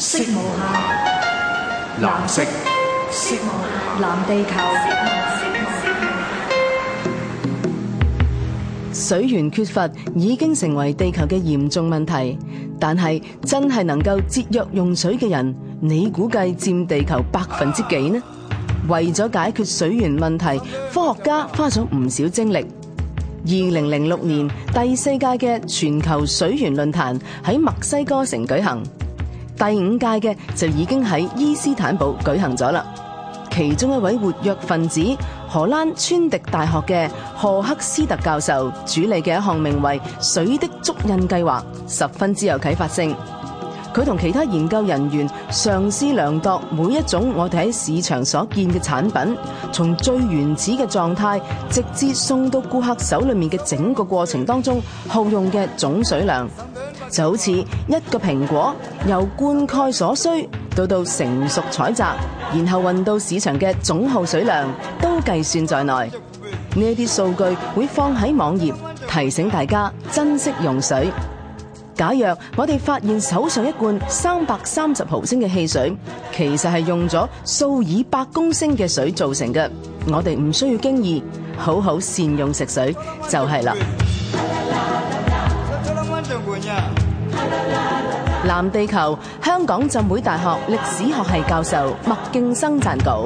色無暇，藍色。色無暇，藍地球。水源缺乏已經成為地球嘅嚴重問題，但係真係能夠節約用水嘅人，你估計占地球百分之幾呢？為咗解決水源問題，科學家花咗唔少精力。二零零六年第四屆嘅全球水源論壇喺墨西哥城舉行。第五屆嘅就已經喺伊斯坦堡舉行咗啦，其中一位活躍分子荷蘭川迪大學嘅荷克斯特教授主理嘅一項名為“水的足印”計劃，十分之有啟發性。佢同其他研究人員嘗試量度每一種我哋喺市場所見嘅產品，從最原始嘅狀態，直至送到顧客手裏面嘅整個過程當中耗用嘅總水量。就好似一個蘋果，由灌溉所需到到成熟採摘，然後運到市場嘅總耗水量都計算在內。呢啲數據會放喺網頁，提醒大家珍惜用水。假若我哋發現手上一罐三百三十毫升嘅汽水，其實係用咗數以百公升嘅水造成嘅，我哋唔需要驚異，好好善用食水就係啦。藍地球，香港浸會大學歷史學系教授麥勁生撰稿。